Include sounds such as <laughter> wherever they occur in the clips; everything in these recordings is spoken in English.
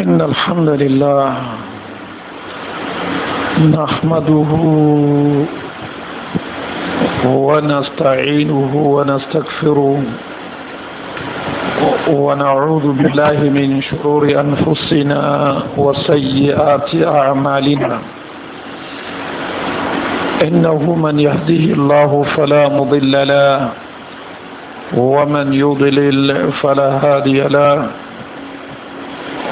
إن الحمد لله نحمده ونستعينه ونستغفره ونعوذ بالله من شرور أنفسنا وسيئات أعمالنا إنه من يهده الله فلا مضل له ومن يضلل فلا هادي له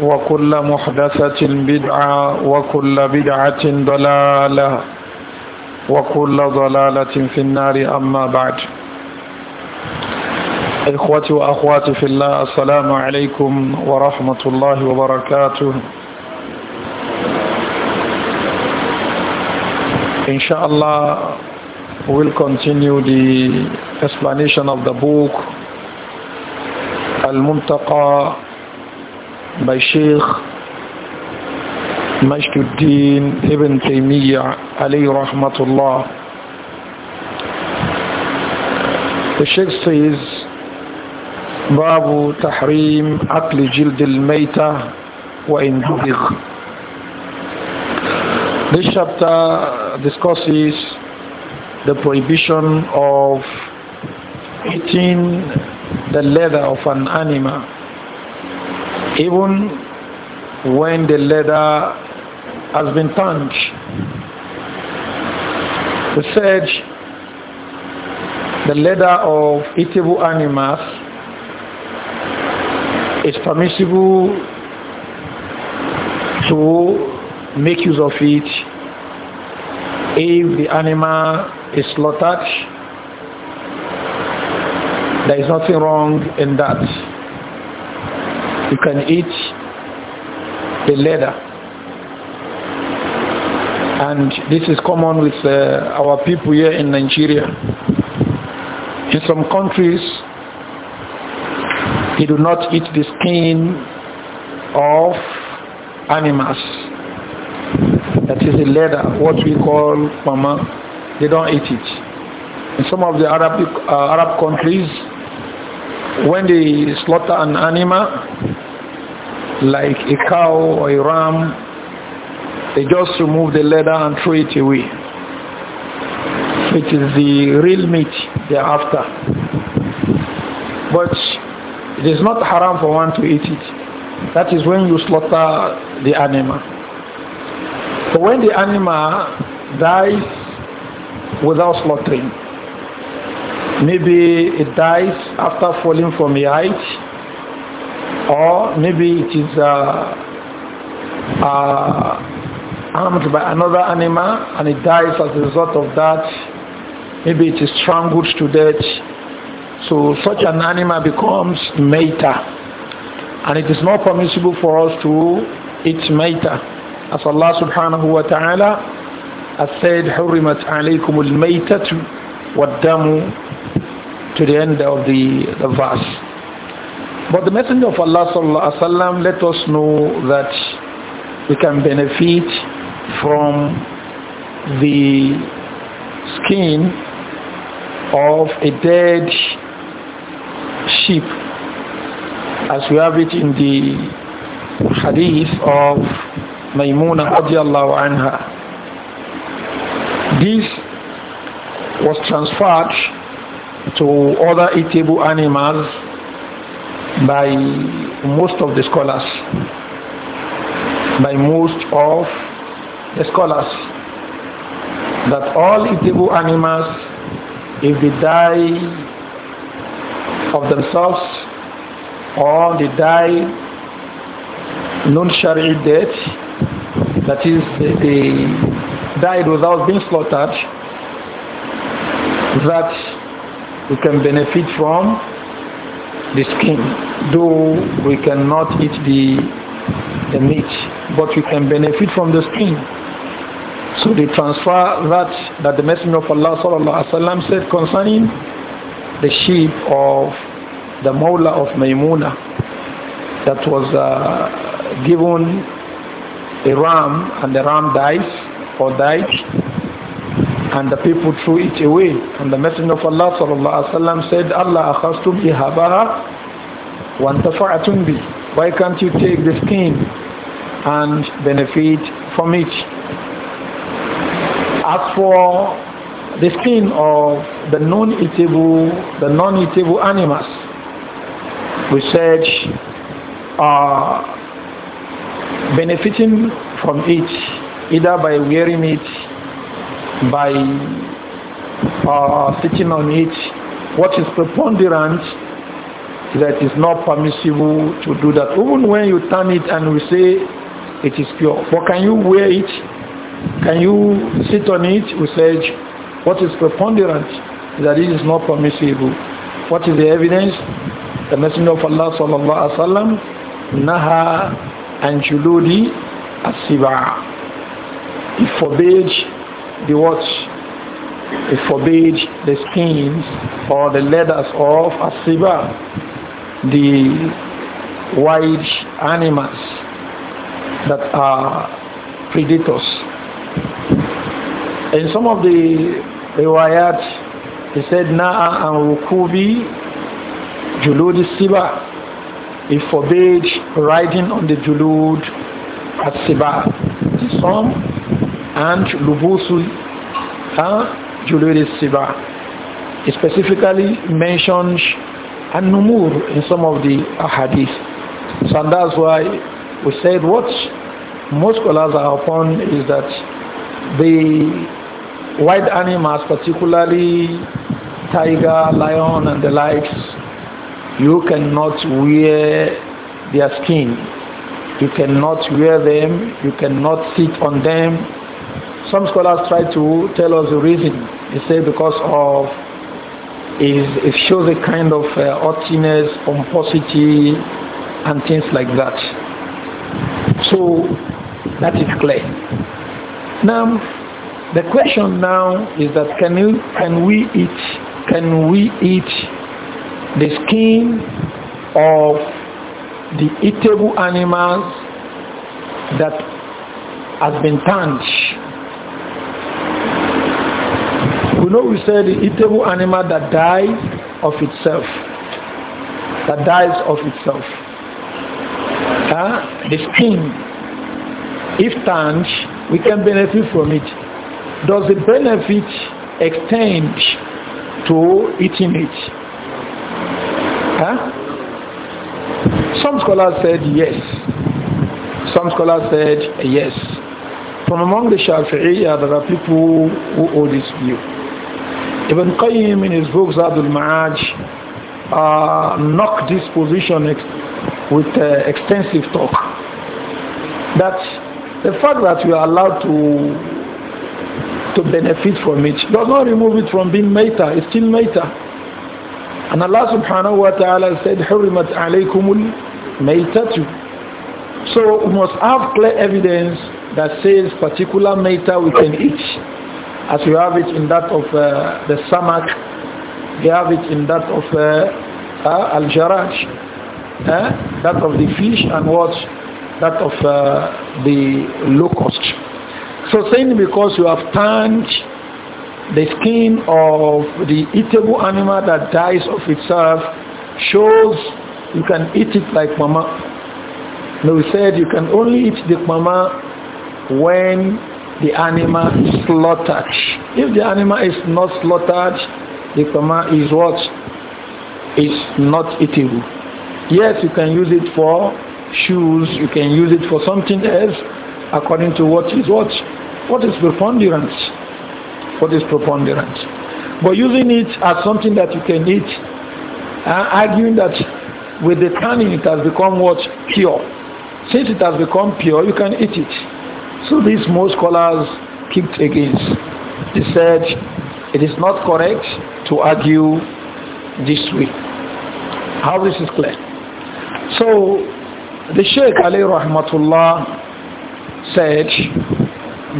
وكل محدثة بدعة وكل بدعة ضلالة وكل ضلالة في النار أما بعد إخوتي وأخواتي في الله السلام عليكم ورحمة الله وبركاته الله we'll continue the explanation of the book Al-Muntaqa by Sheikh Majduddin Ibn Taymiyyah alayhi rahmatullah. The Sheikh says, باب تحريم أكل جلد الميتة وإن دبغ This chapter discusses the prohibition of eating the leather of an animal even when the leather has been tanned. The sedge, the leather of eatable animals is permissible to make use of it if the animal is slaughtered. There is nothing wrong in that. You can eat the leather. And this is common with uh, our people here in Nigeria. In some countries, they do not eat the skin of animals. That is the leather, what we call mama. They don't eat it. In some of the Arab, uh, Arab countries, when they slaughter an animal, like a cow or a ram, they just remove the leather and throw it away. It is the real meat they are after. But it is not haram for one to eat it. That is when you slaughter the animal. But when the animal dies without slaughtering, maybe it dies after falling from a height or maybe it is uh, uh, harmed by another animal and it dies as a result of that. Maybe it is strangled to death. So such an animal becomes meta. And it is not permissible for us to eat meta. As Allah subhanahu wa ta'ala has said, حرمت عليكم الميتة والدم to the end of the, the verse. But the Messenger of Allah sallallahu alaihi wasallam let us know that we can benefit from the skin of a dead sheep as we have it in the hadith of Maymuna radiallahu anha. This was transferred to other eatable animals by most of the scholars by most of the scholars that all eatable animals if they die of themselves or they die non shari death that is they, they died without being slaughtered that we can benefit from the skin, though we cannot eat the, the meat, but we can benefit from the skin. So they transfer that that the Messenger of Allah sallallahu alaihi wasallam said concerning the sheep of the Mawla of Maimuna that was uh, given a ram and the ram dies or died and the people threw it away. And the Messenger of Allah sallallahu alaihi wasallam said, Allah akhastum bihabaha wantafa'atun bi. Why can't you take the skin and benefit from it? As for the skin of the non-eatable, the non-eatable animals, we said are uh, benefiting from it either by wearing it by uh, sitting on it. What is preponderant that is not permissible to do that. Even when you turn it and we say it is pure. But can you wear it? Can you sit on it? We say what is preponderant that is that it is not permissible. What is the evidence? The Messenger of Allah sallallahu alaihi wasallam naha and juludi as-siba. He forbade the watch it forbade the skins or the leathers of asiba the wild animals that are predators in some of the riwayat he said na'a and rukubi julud siba he forbade riding on the julud at siba some and lubusul huh, juluri siba. It specifically mentions an-numur in some of the ahadith. So and that's why we said what most scholars are upon is that the wild animals, particularly tiger, lion and the likes, you cannot wear their skin. You cannot wear them. You cannot sit on them some scholars try to tell us the reason. They say because of is it shows a kind of uh, pomposity, and things like that. So that is clear. Now, the question now is that can you can we eat can we eat the skin of the eatable animals that has been tanned we know we said the eatable animal that dies of itself. That dies of itself. Huh? The skin, if tanned, we can benefit from it. Does the benefit extend to eating it? Huh? Some scholars said yes. Some scholars said yes. From among the Shafi'iyah, there are people who hold this view. Ibn Qayyim in his book Zadul Ma'aj uh, knocked this position with uh, extensive talk. That the fact that we are allowed to to benefit from it does not remove it from being meta. It's still meta. And Allah subhanahu wa ta'ala said, حُرِّمَتْ عَلَيْكُمُ الْمَيْتَةُ So we must have clear evidence that says particular meta we can eat as we have it in that of uh, the samak, we have it in that of uh, uh, al-jaraj, eh? that of the fish and what? That of uh, the locust. So saying because you have turned the skin of the eatable animal that dies of itself shows you can eat it like mama. No, we said you can only eat the mama when the animal slaughtered. If the animal is not slaughtered, the command is what? Is not eatable. Yes, you can use it for shoes, you can use it for something else according to what is what? What is preponderance? What is preponderance? But using it as something that you can eat, uh, arguing that with the tanning it has become what? Pure. Since it has become pure, you can eat it. So these most scholars kicked against. They said it is not correct to argue this way. How this is clear. So the Sheikh Ali Rahmatullah said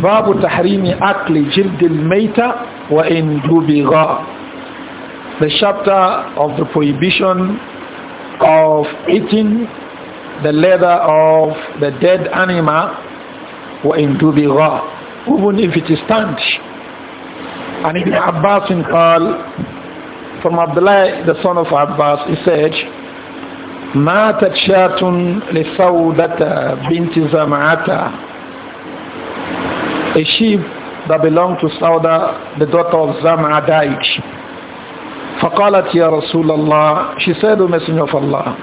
باب تحريم أكل جلد الميتة وإن دبغا The chapter of the prohibition of eating the leather of the dead animal وإن تبغى even if it stands, and Ibn Abbas قال from Abdullah the son of Abbas he said ماتت شاة لسودة بنت زمعة a sheep that belonged to Sauda the daughter of Zam'a died فقالت يا رسول الله she said O Messenger of Allah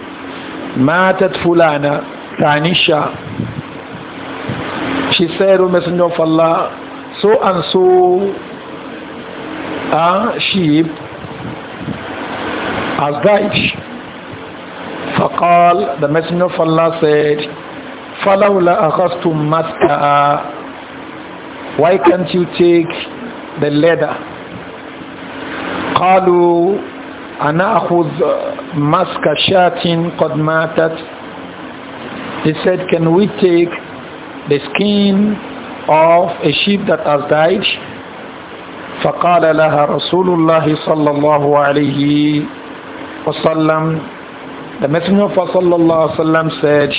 ماتت فلانة تعني she said, O oh, Messenger of Allah, so and so uh, sheep has died. فقال the messenger of Allah said فلولا أخذتم متكأ why can't you take the leather قالوا ana أخذ maska shatin قد ماتت he said can we take the skin of a sheep that has died فقال لها رسول الله صلى الله عليه وسلم The Messenger of Allah صلى الله عليه وسلم said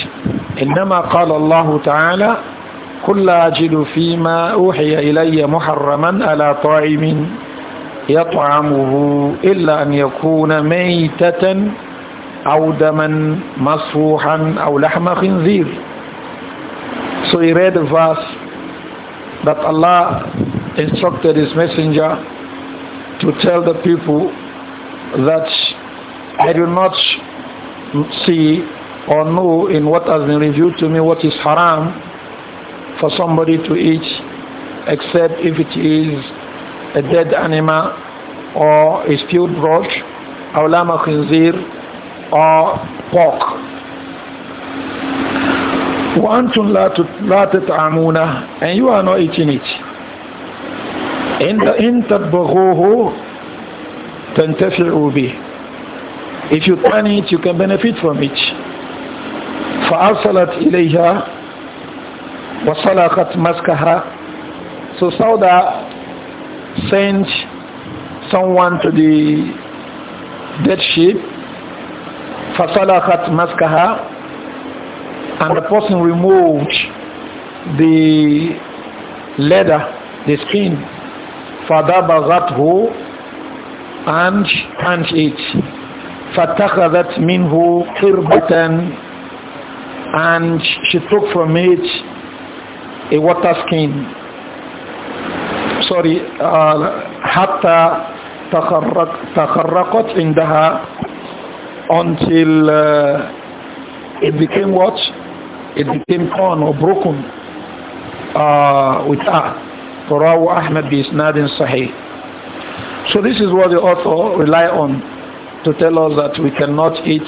إنما قال الله تعالى كل أجل فيما أوحي إلي محرما على طاعم يطعمه إلا أن يكون ميتة أو دما مصفوحا أو لحم خنزير So he read the verse that Allah instructed his messenger to tell the people that I do not see or know in what has been revealed to me what is haram for somebody to eat except if it is a dead animal or a spilled broth or lama khinzir or pork وأنتم لا تطعمونه and you are not eating it إن إن تبغوه تنتفعوا به if you plan it you can benefit from it فأرسلت إليها وصلقت مسكها so Sauda sent someone to the dead sheep فصلقت مسكها and the person removed the leather, the skin, فَدَبَغَتْهُ and and it فَاتَّخَذَتْ مِنْهُ قِرْبَةً and she took from it a water skin sorry uh, حتى تخرق, تخرقت عندها until uh, it became what? it became torn or broken uh, with for Abu Ahmad bin Isnadin Sahih. So this is what the author rely on to tell us that we cannot eat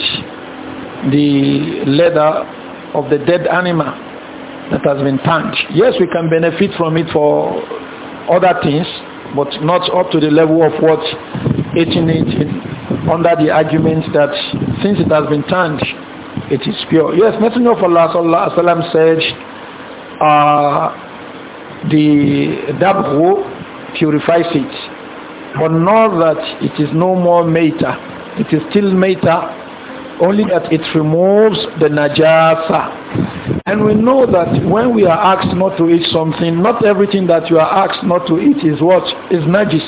the leather of the dead animal that has been tanned. Yes, we can benefit from it for other things, but not up to the level of what eating it under the argument that since it has been tanned, it is pure. Yes, Messenger of Allah sallallahu alaihi wasallam said, uh, the dabru purifies it, but know that it is no more meta. It is still meta, only that it removes the najasa. And we know that when we are asked not to eat something, not everything that you are asked not to eat is what is najis.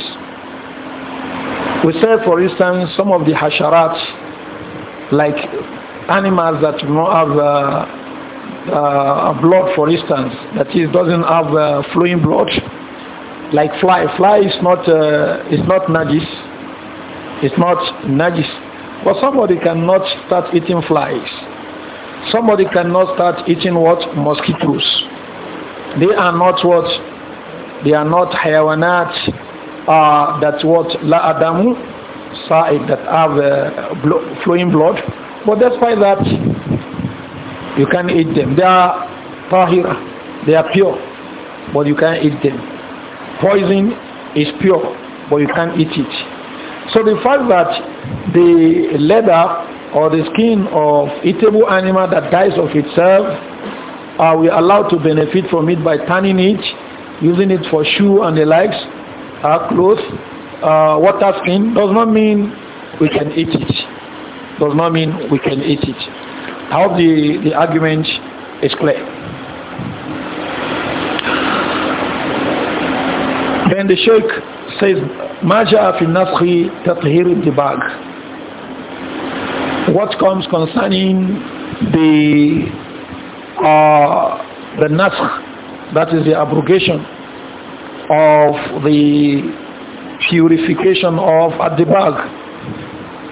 We said, for instance, some of the hasharat, like animals that do not have uh, uh, blood, for instance, that is doesn't have uh, flowing blood, like fly. Fly is not uh, is not najis. It's not najis. But somebody cannot start eating flies. Somebody cannot start eating what mosquitoes. They are not what they are not hayawanat uh, that's what la adamu sa'id that have uh, blo flowing blood but that's why that, you can eat them. They are tahira, they are pure, but you can't eat them. Poison is pure, but you can't eat it. So the fact that the leather or the skin of eatable animal that dies of itself uh, are we allowed to benefit from it by tanning it, using it for shoe and the likes, uh, clothes, uh, water skin, does not mean we can eat it does not mean we can eat it. I hope the, the argument is clear. Then the Sheikh says, Maja fi nafhi tathir dibag. What comes concerning the uh, the nasr, that is the abrogation of the purification of adibag,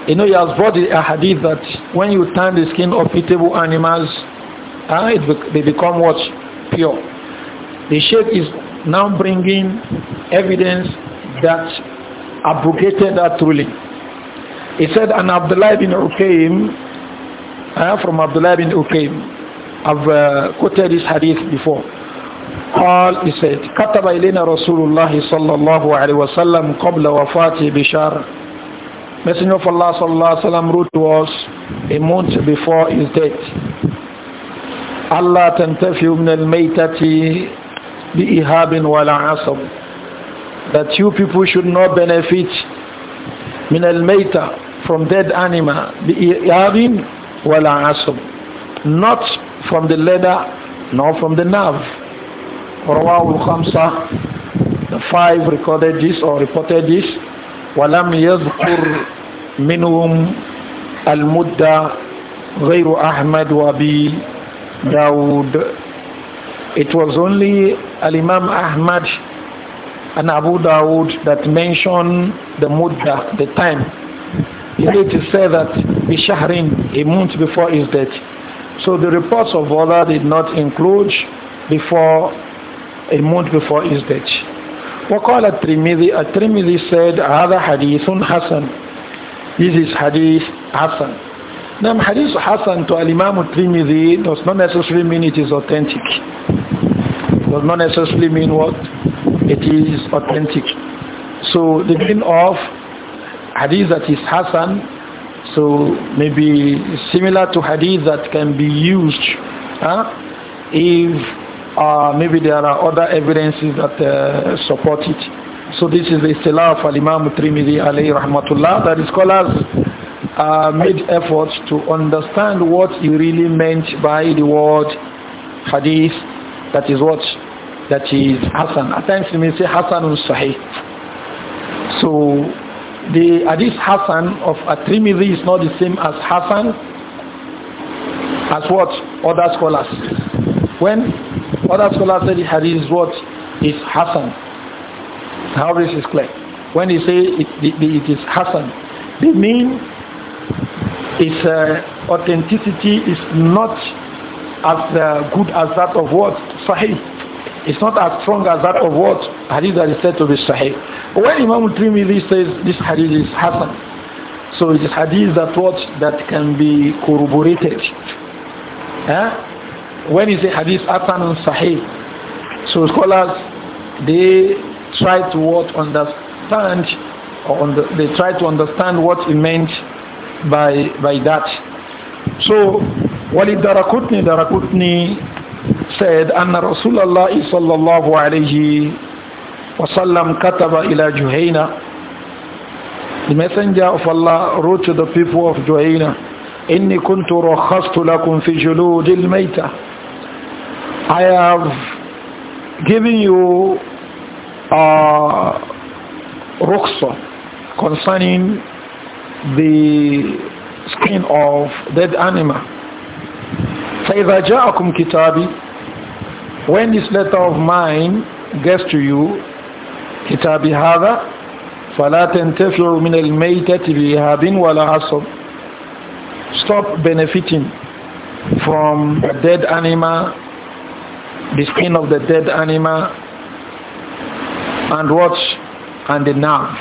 you know, he has brought a hadith that when you turn the skin of eatable animals, uh, it be they become what? Pure. The Sheikh is now bringing evidence that abrogated that ruling. He said, and Abdullah bin Uqaym, uh, from Abdullah bin Uqaym, I've uh, quoted this hadith before. قال he said كتب إلينا رسول الله صلى الله عليه وسلم قبل وفاته بشهر Messenger of Allah sallallahu alaihi wrote to us a month before his death. Allah tantafi min al-maytati bi ihabin wala asab. That you people should not benefit min al-mayta from dead animal bi ihabin wala asab. Not from the leather nor from the nerve. Rawahu al-khamsa. The five recorded this or reported this. ولم يذكر منهم المدة غير أحمد وأبي داود it was only Al-Imam Ahmad and Abu Dawood that mentioned the mudda, the time. to say that Bishahrin, a month before his death. So the reports of Allah did not include before a month before his death. وقال الترمذي الترمذي said هذا حديث حسن this is hadith حسن now hadith حسن to Imam الترمذي does not necessarily mean it is authentic does not necessarily mean what it is authentic so the meaning of hadith that is Hassan so maybe similar to hadith that can be used huh, if uh, maybe there are other evidences that uh, support it. So this is the istilah of Imam Trimidi alayhi rahmatullah that scholars uh, made efforts to understand what he really meant by the word hadith that is what that is Hassan. At times he may say Hassanun Sahih. So the hadith Hassan of at is not the same as Hassan as what other scholars. When other scholars say the hadith is what is Hassan. How this is clear. When they say it, it, it is Hassan, they mean its uh, authenticity is not as uh, good as that of what? Sahih. It's not as strong as that of what? Hadith that is said to be Sahih. When Imam Trimili says this hadith is Hassan, so it is hadith that what? That can be corroborated. Huh? when is the hadith Hassan Sahih? So scholars, they try to what understand, or on the, they try to understand what it meant by by that. So, Walid Darakutni Darakutni said, "Anna Rasulullah sallallahu alayhi wa sallam kataba ila Juhayna." The messenger of Allah wrote to the people of Juhayna, "Inni kuntu rakhastu lakum fi juludil maytah." I have given you uh, rukhsa concerning the skin of dead animal. فَإِذَا جَاءَكُمْ كِتَابِي When this letter of mine gets to you, كِتَابِ هَذَا فَلَا تَنْتَفِعُ مِنَ الْمَيْتَةِ بِهَابٍ وَلَا عَصَبٍ Stop benefiting from a dead animal the skin of the dead animal and watch and the nerve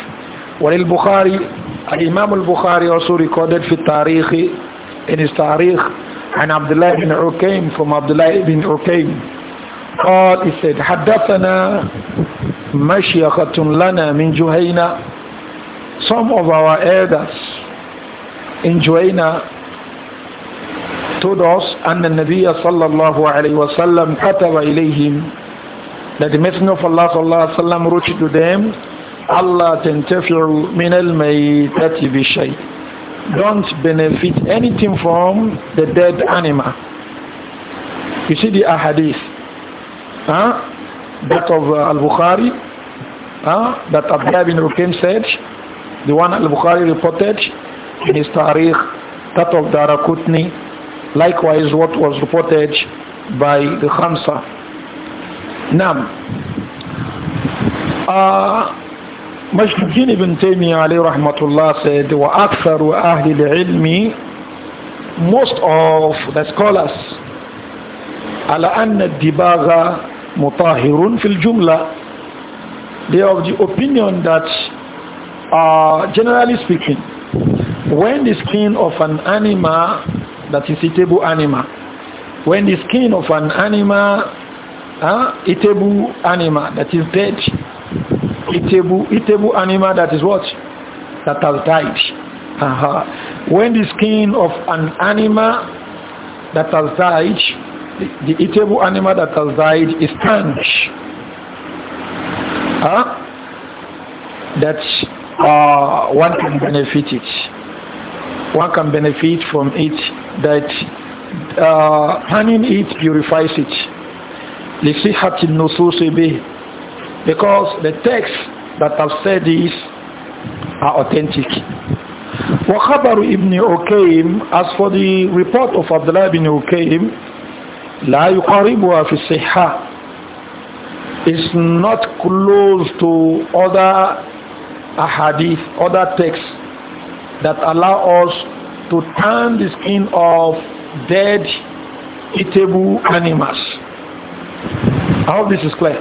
Walil Bukhari Imam al-Bukhari also recorded في التاريخ in his tariq عن عبد الله بن عكيم from عبد الله بن عكيم قال he said حدثنا مشيخة لنا من جهينة some of our elders in Juhaina told us أن النبي صلى الله عليه وسلم كتب إليهم that the messenger of Allah صلى الله عليه وسلم wrote to them Allah تنتفع من الميتة بشيء don't benefit anything from the dead animal you see the ahadith huh? that of uh, Al-Bukhari huh? that Abdullah bin Rukim said the one Al-Bukhari reported in his Tariq that of Darakutni Likewise, what was reported by the Khamsa. Now, uh, Majduddin ibn Taymiyyah rahmatullah said, وَأَكْثَرُ أَهْلِ ilmi." Most of the scholars ala أن الدباغ مطاهر fil jumla. They are of the opinion that uh, generally speaking when the skin of an animal that is eatable animal. When the skin of an animal, huh, eatable animal that is dead, eatable, eatable animal that is what? That has died. Uh -huh. When the skin of an animal that has died, the, the animal that has died is tarnished. Huh? That uh, one can benefit it one can benefit from it that uh, handling it purifies it. Because the texts that have said this are authentic. Wakabaru ibn أُكَيْم As for the report of Abdullah ibn أُكَيْم la يُقَارِبُهَا فِي الصِّحَّةِ It's not close to other ahadith, other texts that allow us to turn the skin of dead eatable animals. I hope this is clear.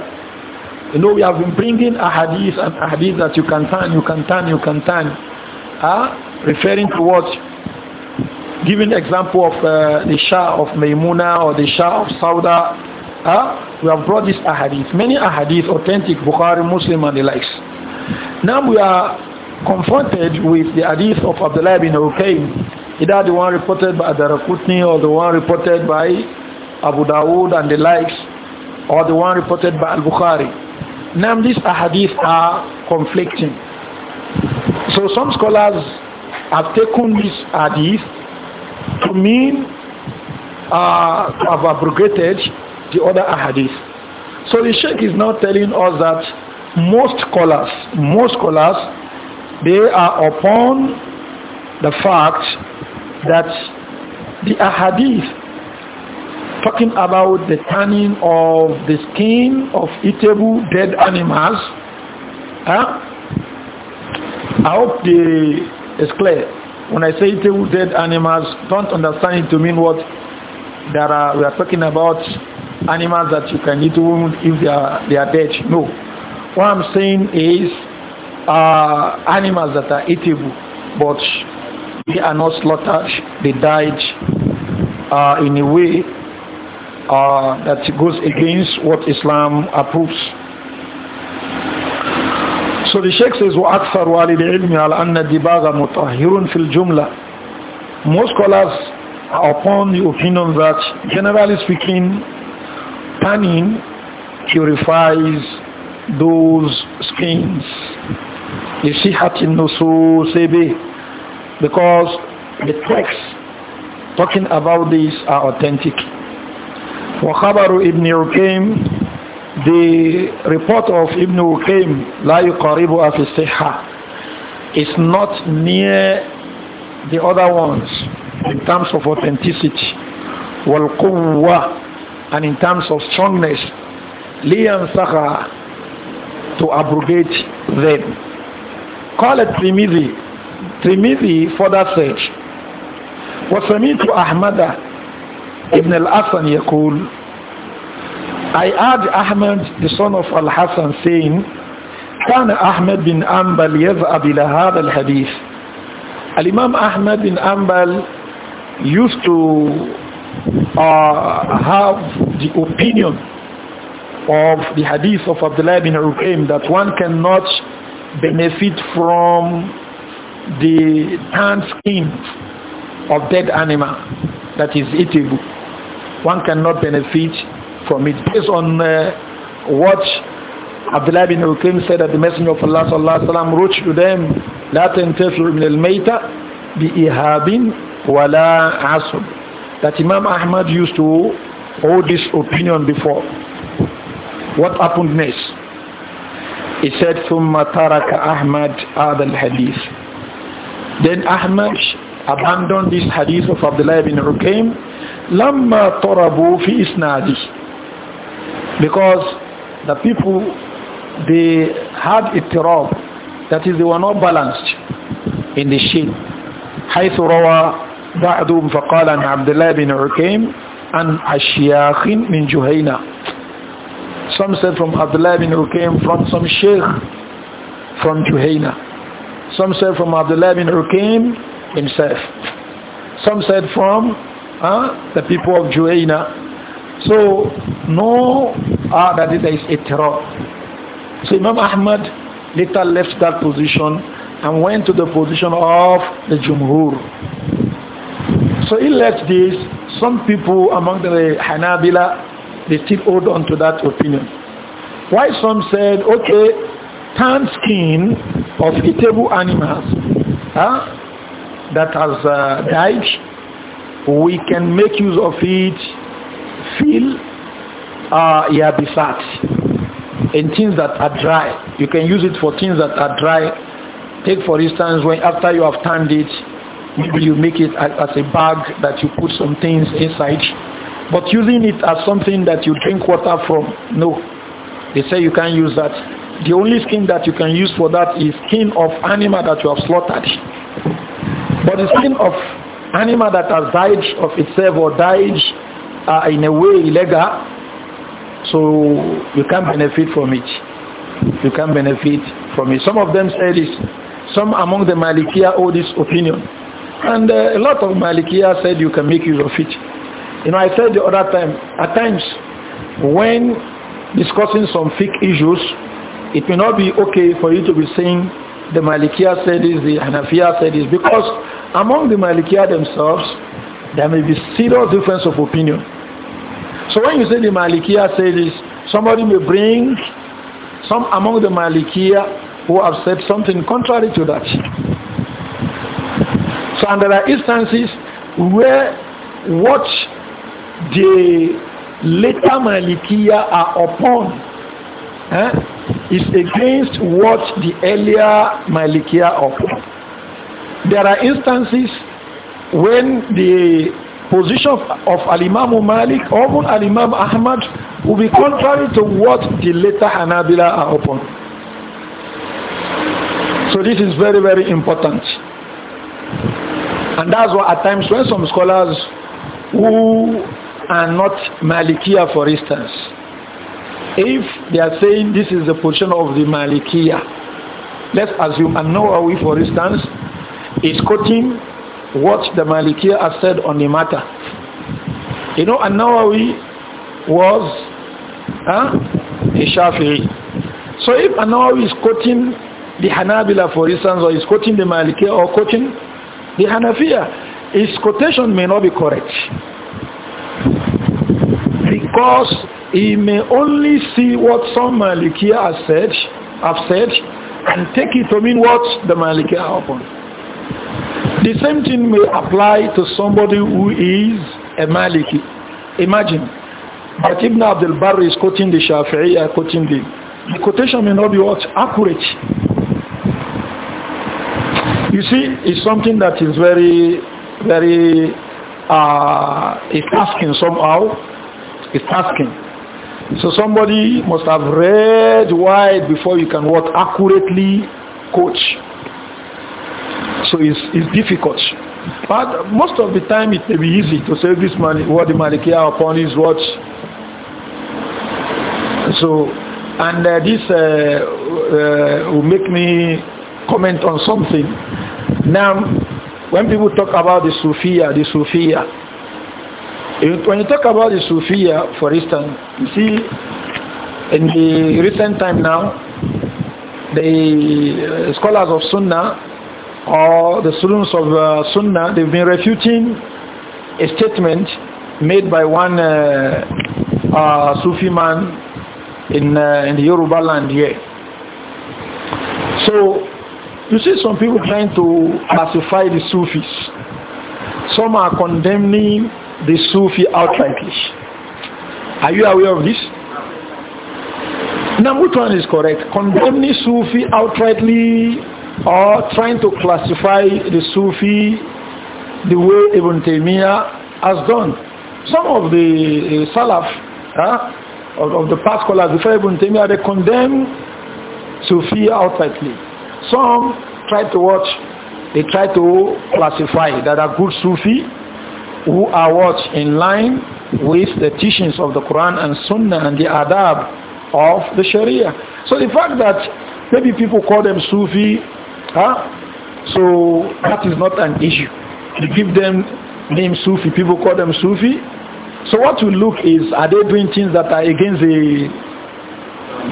You know, we have been bringing a hadith and a hadith that you can turn, you can turn, you can turn. Huh? Referring to what? Giving example of uh, the Shah of Maimuna or the Shah of Sauda. Huh? We have brought this ahadith. Many ahadith, authentic Bukhari, Muslim and the likes. Now we are confronted with the hadith of Abdullah bin Uqaym, either the one reported by Darakutni or the one reported by Abu Dawood and the likes, or the one reported by Al-Bukhari. Now these hadiths are conflicting. So some scholars have taken this hadith to mean uh, to have abrogated the other hadith. So the Sheikh is now telling us that most scholars, most scholars they are upon the fact that the ahadith talking about the tanning of the skin of eatable dead animals huh? I hope the, it's clear when I say eatable dead animals don't understand it to mean what there are, we are talking about animals that you can eat if they are, they are dead no what I'm saying is uh, animals that are eatable, but they are not slaughtered. They died uh, in a way uh, that goes against what Islam approves. So the Sheikh says, وَأَكْثَرُ عَلِي الْعِلْمِ عَلَى أَنَّ الدِّبَاغَ مُطَهِّرٌ فِي الْجُمْلَةِ Most scholars are upon the opinion that, generally speaking, tanning purifies those skins لِصِحَةِ sebi Because the texts talking about this are authentic. وخبر ابن عكيم the report of Ibn Uqaym لا يقاربها في الصحة is not near the other ones in terms of authenticity والقوة and in terms of strongness لينسخ to abrogate them قال الترمذي ترمذي further said وسمعت أحمد ابن الحسن يقول I heard Ahmed the son of Al-Hassan saying كان أحمد بن أنبل يذهب إلى هذا الحديث Al-Imam Ahmad bin Ambal used to uh, have the opinion of the hadith of Abdullah bin Ruqaym that one cannot benefit from the tan skin of dead animal that is eatable. One cannot benefit from it based on uh, what Abdullah bin Uqim said that the Messenger of Allah sallallahu alaihi wasallam wrote to them, "La tantafiru min al-mayta bi ihabin la asub." That Imam Ahmad used to hold this opinion before. What happened next? He said, ثُمَّ تَرَكَ أَحْمَدْ هَذَا الْحَدِيثِ Then Ahmad abandoned this hadith of Abdullah ibn Uqaym لَمَّا طَرَبُوا فِي إِسْنَادِهِ Because the people, they had ittirab, that is they were not balanced in the shape. حيث روى بعضهم فقال عن عبد الله بن عكيم عن الشياخ من جهينه some said from Abdullah bin Rukaym, from some sheikh from Juhayna. Some said from Abdullah bin Rukaym himself. Some said from uh, the people of Juhayna. So no uh, that there is a terror. So Imam Ahmad later left that position and went to the position of the Jumhur. So he left this. Some people among the Hanabila they still hold on to that opinion. Why some said, okay, tan skin of eatable animals huh, that has uh, died, we can make use of it, feel uh, yabisat, and things that are dry. You can use it for things that are dry. Take for instance, when after you have tanned it, maybe you make it as a bag that you put some things inside but using it as something that you drink water from, no. They say you can't use that. The only skin that you can use for that is skin of animal that you have slaughtered. But the skin of animal that has died of itself or died uh, in a way illegal, so you can benefit from it. You can benefit from it. Some of them say this. Some among the Malikiya hold this opinion. And uh, a lot of Malikiya said you can make use of it. You know, I said the other time, at times when discussing some fake issues, it may not be okay for you to be saying the Malikiya said this, the Hanafiya said this, because among the Malikiya themselves, there may be serious difference of opinion. So when you say the Malikiya said this, somebody may bring some among the Malikiya who have said something contrary to that. So there are instances where what the later Malikiya are upon eh, is against what the earlier Malikiya are upon. There are instances when the position of, of Al-Imam Malik or even Al-Imam Ahmad will be contrary to what the later Hanabila are upon. So this is very, very important. And that's why at times when some scholars who and not Malikiya, for instance, if they are saying this is the position of the Malikiya, let's assume an Nawawi, for instance, is quoting what the Malikiya has said on the matter. You know, an Nawawi was huh, a Shafi'i. So if an Nawawi is quoting the Hanabila, for instance, or is quoting the Malikiya or quoting the Hanafiya, his quotation may not be correct. Because he may only see what some Malikiya has said, have said and take it to mean what the Malikiya have upon. The same thing may apply to somebody who is a Maliki. Imagine but Ibn Abdul Barri is quoting the Shafi'iyah, quoting the, the quotation may not be what accurate. You see, it's something that is very, very uh, is asking somehow. It's asking. So somebody must have read wide before you can what accurately coach. So it's, it's difficult. But most of the time it may be easy to say this man, what the are upon is what. So, and uh, this uh, uh, will make me comment on something. Now, when people talk about the Sufiya, the Sufiya, when you talk about the Sufiya, for instance, you see, in the recent time now, the uh, scholars of Sunnah or the students of uh, Sunnah, they've been refuting a statement made by one uh, uh, Sufi man in, uh, in the Yoruba land here. So you see some people trying to classify the Sufis. Some are condemning the Sufi outrightly. Are you aware of this? Now which one is correct? Condemning Sufi outrightly or trying to classify the Sufi the way Ibn Taymiyyah has done. Some of the uh, Salaf huh, of, of, the past scholars before Ibn Taymiyyah, they condemn Sufi outrightly some try to watch, they try to classify that are good Sufi who are watch in line with the teachings of the Quran and Sunnah and the adab of the Sharia. So the fact that maybe people call them Sufi, huh? so that is not an issue. You give them name Sufi, people call them Sufi. So what we look is, are they doing things that are against the,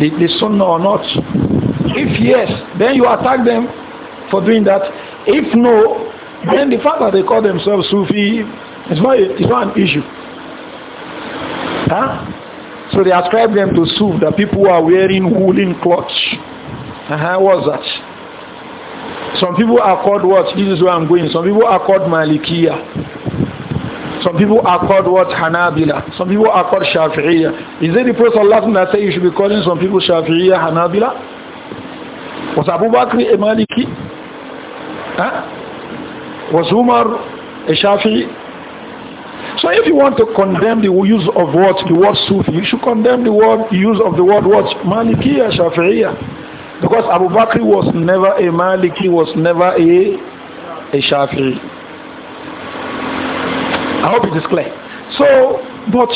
the, the Sunnah or not? If yes, then you attack them for doing that. If no, then the fact that they call themselves Sufi is not, it's not an issue. Huh? So they ascribe them to Suf, the people who are wearing woolen clothes, Uh-huh, what's that? Some people are called what? This is where I'm going. Some people are called Malikiya. Some people are called what? Hanabila. Some people are called Shafi'iyya. Is it the Prophet Allah that said you should be calling some people Shafi'iyya, Hanabila? Was Abu Bakr a Maliki? Was Umar a Shafi'i? So if you want to condemn the use of what the word Sufi, you should condemn the word use of the word what Malikiya, Shafi'iya. Because Abu Bakr was never a Maliki, was never a, a Shafi'i. I hope it is clear. So, but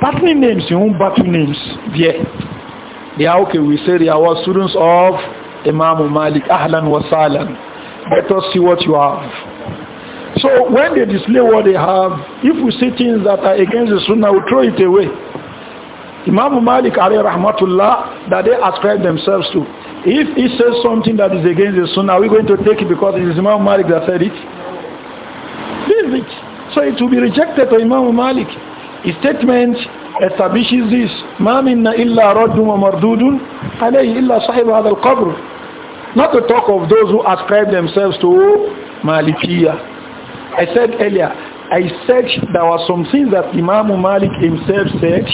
battling names, You own battling names, yeah. They are okay, we say they are students of Imam Malik, Ahlan wa Salan. Let us see what you have. So when they display what they have, if we see things that are against the Sunnah, we throw it away. Imam Malik, alayhi rahmatullah, that they ascribe themselves to. If he says something that is against the Sunnah, are we going to take it because it is Imam Malik that said it? Leave it. So it will be rejected by Imam Malik. His statement establishes this. ما من إلا رد مردود عليه إلا صاحب هذا القبر not to talk of those who ascribe themselves to Malikiya. I said earlier, I said there were some things that Imam Malik himself said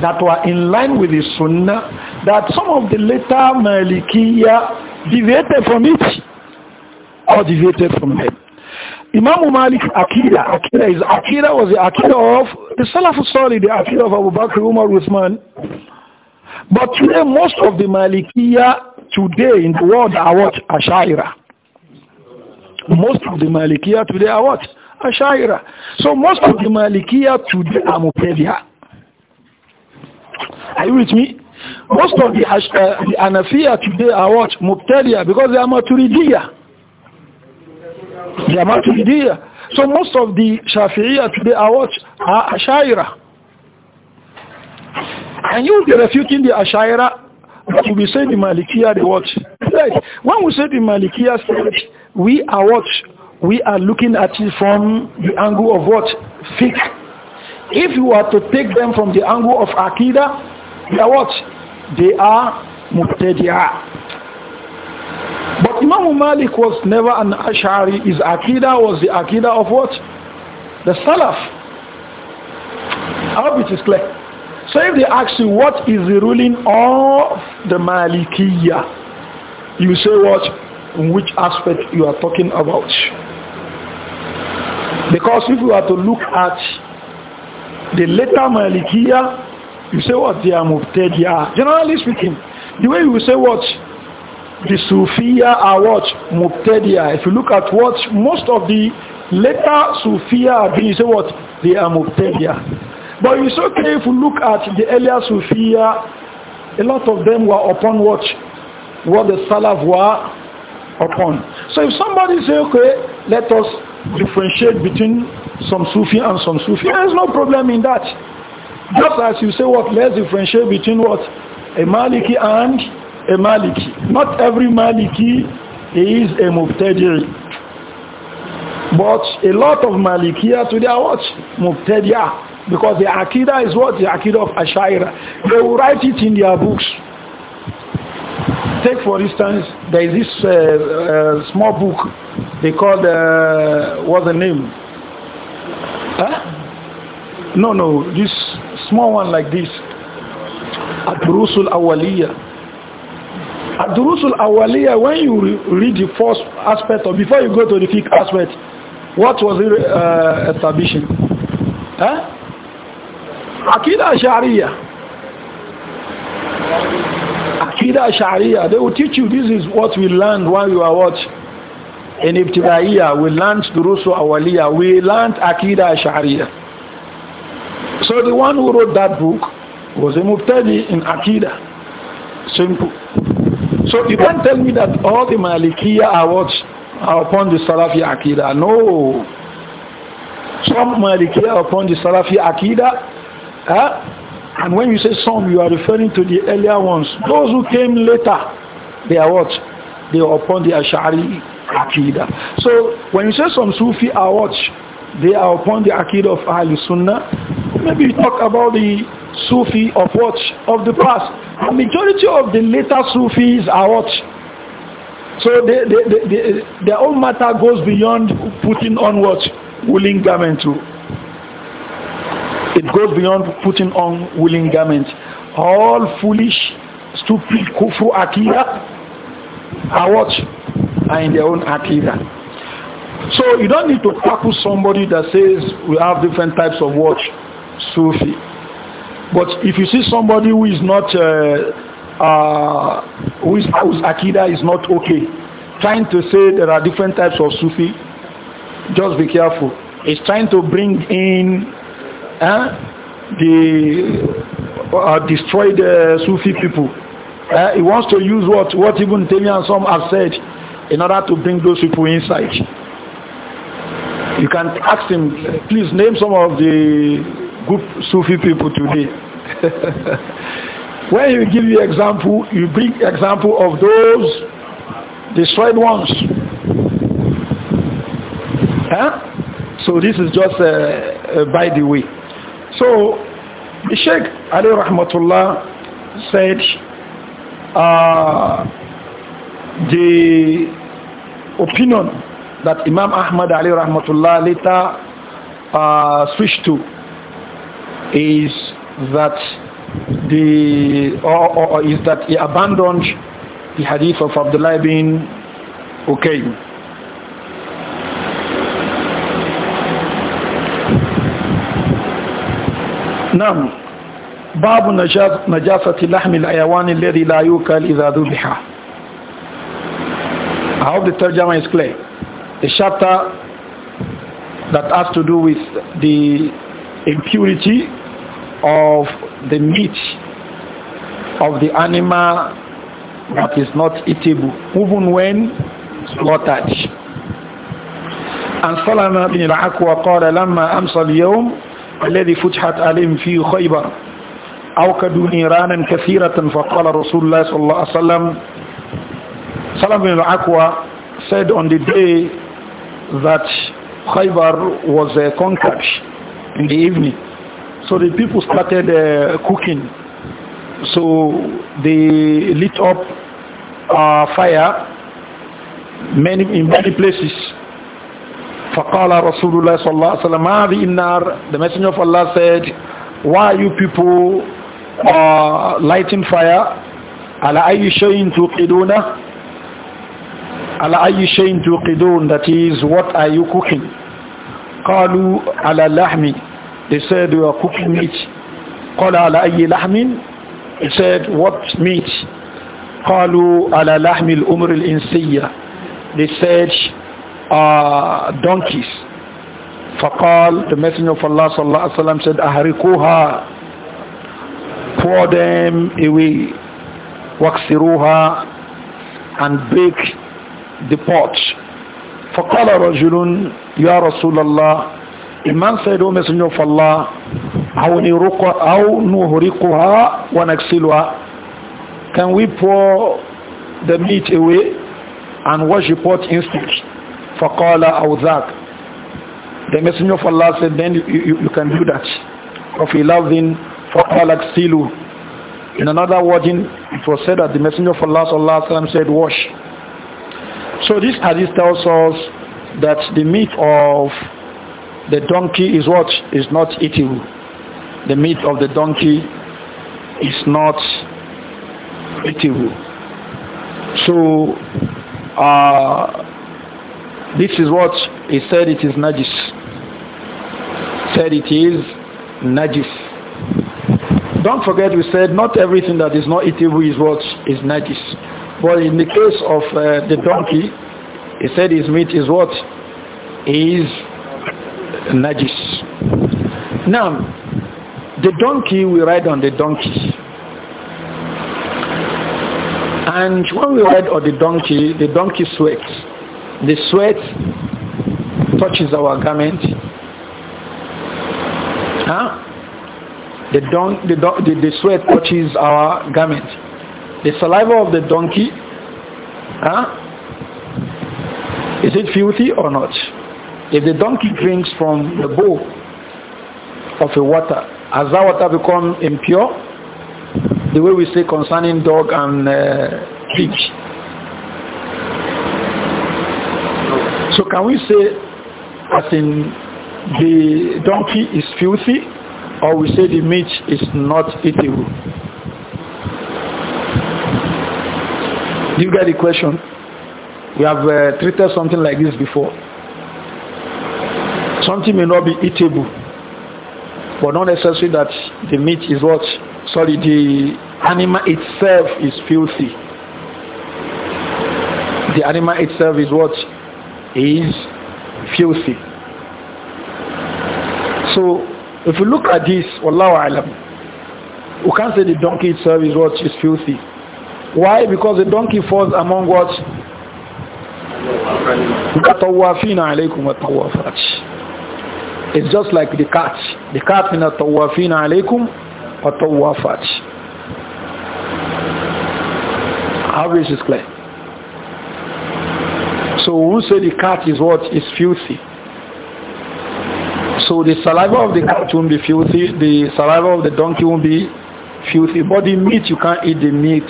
that were in line with the Sunnah that some of the later Malikiya deviated from it or deviated from them. Imam Malik Akira, Akira is Akira was the Akira of the Salaf Sali, the Akira of Abu Bakr Umar Uthman. But today most of the Malikiya today in the world are what? Ashaira. Most of the Malikiyah today are what? Ashaira. So most of the Malikiyah today are Muqtadiya. Are you with me? Most of the, Ash uh, the Anafiya today are what? Muqtadiya because they are Maturidiya. They are Maturidiya. So most of the Shafi'iyah today are what? Are Ashaira. And you will be refuting the Ashaira But we say the Malikia, the what? Right. When we say the Malikiya we are what? We are looking at it from the angle of what? Fiqh. If you are to take them from the angle of Akida, they are what? They are Muqtadi'a. But Imam Malik was never an Ash'ari. His Akida was the Akida of what? The Salaf. I hope it is clear. So if they ask you what is the ruling of the Malikiya, you say what? In which aspect you are talking about. Because if you are to look at the later Malikiya, you say what they are Mubtadiya. Generally speaking, the way you say what? The Sufiya are what? Mubtadiya. If you look at what most of the later Sufiya have you say what? They are Mubtadiya. But it's okay if we look at the earlier Sufiya, a lot of them were upon what, what the Salaf were upon. So if somebody say, okay, let us differentiate between some Sufi and some Sufi, there's no problem in that. Just as you say what, let's differentiate between what, a Maliki and a Maliki. Not every Maliki is a Mubtadi. But a lot of Malikiya today are what? Mubtadi'ah. Because the Akida is what? The Akida of Ashaira. They will write it in their books. Take for instance, there is this uh, uh, small book they called, uh, what's the name? Huh? No, no, this small one like this. at durusul Awaliya. At durusul Awaliya, when you read the first aspect or before you go to the fifth aspect, what was the uh, establishing? Huh? Akida Sharia. Akida Sharia. They will teach you this is what we learned while you are watching. In Ibtidaiya, we learned Durusu Awaliya, we learned Akida Sharia. So the one who wrote that book was a Muqtadi in Akida. Simple. So you can't tell me that all the Malikiya are what? Are upon the Salafi Akida. No. Some Malikiya upon the Salafi Akida, Huh? And when you say some, you are referring to the earlier ones. Those who came later, they are what? They are upon the Ash'ari Akida. So when you say some Sufi are what? They are upon the Aqidah of Ahl Sunnah. Maybe you talk about the Sufi of what? Of the past. The majority of the later Sufis are what? So the the the the whole matter goes beyond putting on what? willing garment to. It goes beyond putting on woolen garments. All foolish, stupid, kufu akira are what? Are in their own akira. So you don't need to tackle somebody that says we have different types of watch, Sufi. But if you see somebody who is not, uh, uh, who is, whose Akida is not okay, trying to say there are different types of Sufi, just be careful. It's trying to bring in the uh, destroyed uh, Sufi people. Uh, he wants to use what, what even Temi and some have said in order to bring those people inside. You can ask him, please name some of the good Sufi people today. <laughs> when you give you example, you bring example of those destroyed ones. So this is just uh, uh, by the way. So the Sheikh Ali Rahmatullah said uh, the opinion that Imam Ahmad Ali Rahmatullah later uh, switched to is that the or, or, or is that he abandoned the hadith of Abdullah bin Ukayn. نعم باب نجاسة لحم الحيوان الذي لا يؤكل إذا ذبح I hope the ترجمة is clear. The chapter that has to do with the impurity of the meat of the animal that is not eatable, even when slaughtered. And Salama bin al-Aqwa قال لما أمسى اليوم الذي فتحت عليهم في خيبر أو أوكدوا نيرانا كثيرة فقال رسول الله صلى الله عليه وسلم سلام بن al said on the day that Khaybar was uh, conquered in the evening. So the people started uh, cooking. So they lit up uh, fire many, in many places. فقال رسول الله الله صلى وسلم ما هذه النار the messenger of Allah said, why you people uh, lighting fire? على أي شيء توقدون على أي شيء توقدون? That is, what are you cooking? قالوا على لحم. They said, you are cooking meat. قال على أي لحم? He said, what meat? قالوا على لحم الأمر الإنسية. They said, uh, donkeys. فقال the messenger of Allah sallallahu alaihi wasallam said أهركوها pour them away واكسروها and break the pot فقال رجل يا رسول الله a man said O messenger of Allah أو نهرقها ونكسلها can we pour the meat away and wash the pot instead فَقَالَ أَوْذَاكَ The Messenger of Allah said, then you, you, you can do that. وَفِي for فَقَالَ اغْسِلُوا In another wording, it was said that the Messenger of Allah وسلم, said, wash. So this hadith tells us that the meat of the donkey is what? Is not eatable. The meat of the donkey is not eatable. So uh, this is what he said it is najis. Said it is najis. Don't forget we said not everything that is not eatable is what is najis. But in the case of uh, the donkey, he said his meat is what? Is najis. Now, the donkey, we ride on the donkey. And when we ride on the donkey, the donkey sweats the sweat touches our garment. Huh? The, don the, don the, the sweat touches our garment. The saliva of the donkey, huh? is it filthy or not? If the donkey drinks from the bowl of the water, has that water become impure? The way we say concerning dog and uh, pig. So can we say as in the donkey is filthy or we say the meat is not eatable? You get the question? We have uh, treated something like this before. Something may not be eatable, but not necessarily that the meat is what? Sorry, the animal itself is filthy. The animal itself is what? is filthy. So if you look at this, Wallahu alam, we can't say the donkey itself is what is filthy. Why? Because the donkey falls among what? It's just like the cat. The cat in التوافين it's والتوافات. How is this clear? So we said say the cat is what? Is filthy. So the saliva of the cat won't be filthy. The saliva of the donkey won't be filthy. But the meat, you can't eat the meat.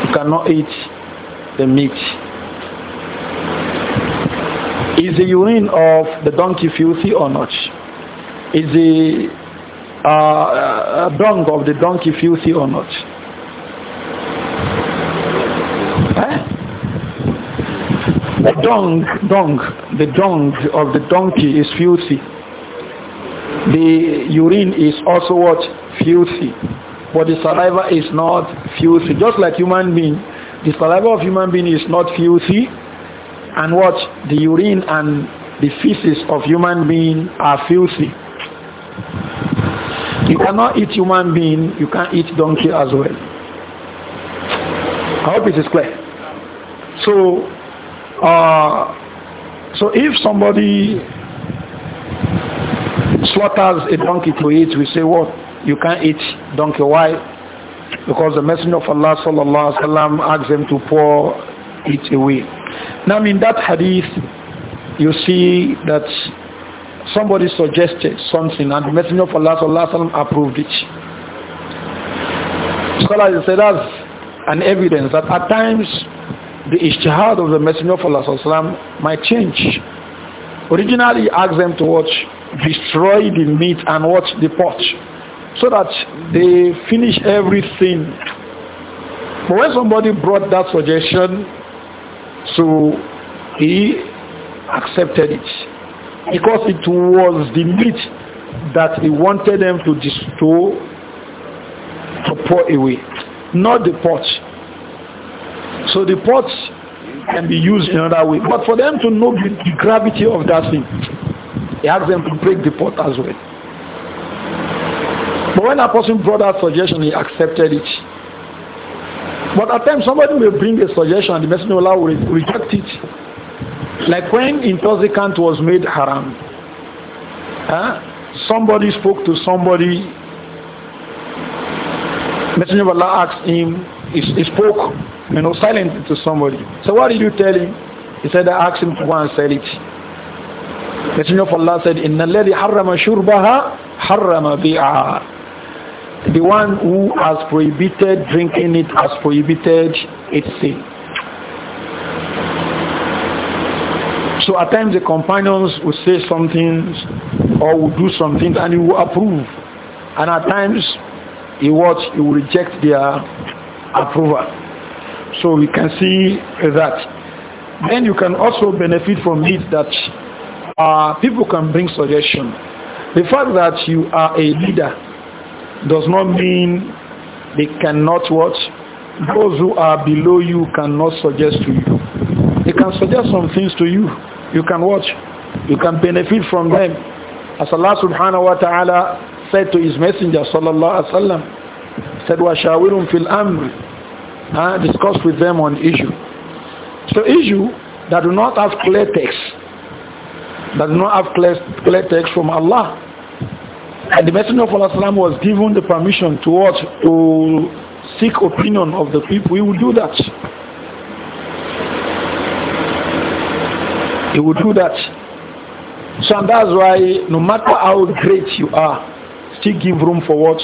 You cannot eat the meat. Is the urine of the donkey filthy or not? Is the uh, uh dung of the donkey filthy or not? dung, dung, the dung of the donkey is filthy. The urine is also what? Filthy. But the saliva is not filthy. Just like human being, the saliva of human being is not filthy. And what? The urine and the feces of human being are filthy. You cannot eat human being, you can't eat donkey as well. I hope it is clear. So uh, so if somebody slaughters a donkey to eat, we say what? You can't eat donkey. Why? Because the Messenger of Allah sallallahu alaihi wasallam asked them to pour it away. Now in that hadith, you see that somebody suggested something and the Messenger of Allah sallallahu alaihi wasallam approved it. Scholars say that's an evidence that at times the ijtihad of the Messenger of Allah might change. Originally, he asked them to watch, destroy the meat and watch the pot, so that they finish everything. But when somebody brought that suggestion, so he accepted it because it was the meat that he wanted them to to, to pour away, not the pot. So the pots can be used in another way. But for them to know the, gravity of that thing, he asked them to break the pot as well. But when a person brought that suggestion, he accepted it. But at times somebody will bring a suggestion and the Messenger of Allah will reject it. Like when intoxicant was made haram. Huh? Somebody spoke to somebody. Messenger of Allah asked him, he spoke you know, silent to somebody. So what did you tell him? He said, I asked him to go and sell it. Messenger of Allah said, إِنَّ الَّذِي حَرَّمَ شُرْبَهَا حَرَّمَ بِعَهَا The one who has prohibited drinking it has prohibited its sin. So at times the companions would say something or would do something, and he would approve. And at times he would, he would reject their approval. So we can see that. Then you can also benefit from it that uh, people can bring suggestion. The fact that you are a leader does not mean they cannot watch. Those who are below you cannot suggest to you. They can suggest some things to you. You can watch. You can benefit from them. As Allah subhanahu wa ta'ala said to his messenger sallallahu alaihi wasallam, said, وَشَاوِرٌ فِي الْأَمْرِ uh, discuss with them on issue. So issue that do not have clear text, that do not have clear, clear text from Allah. And the Messenger of Allah was given the permission to what? To seek opinion of the people. He will do that. He will do that. So and that's why no matter how great you are, still give room for what?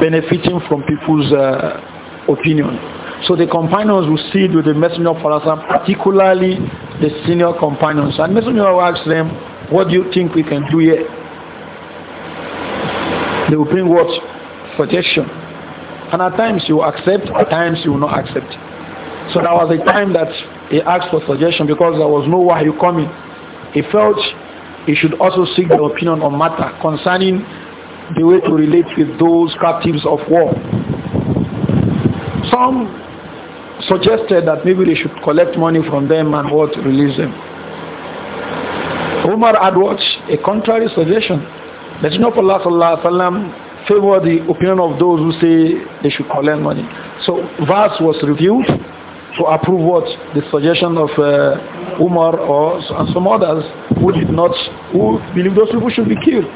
Benefiting from people's uh, opinion. So the companions will see with the messenger of Allah, particularly the senior companions. And messenger Allah ask them, what do you think we can do here? They will bring what? Suggestion. And at times you accept, at times you will not accept. So there was a time that he asked for suggestion because there was no you coming. He felt he should also seek the opinion on matter concerning the way to relate with those captives of war. Some suggested that maybe they should collect money from them and what release them. Umar had what? A contrary suggestion. The Messenger of Allah sallallahu alaihi wasallam favor the opinion of those who say they should collect money. So verse was reviewed to approve what the suggestion of uh, Umar or and some others who did not who believe those people should be killed.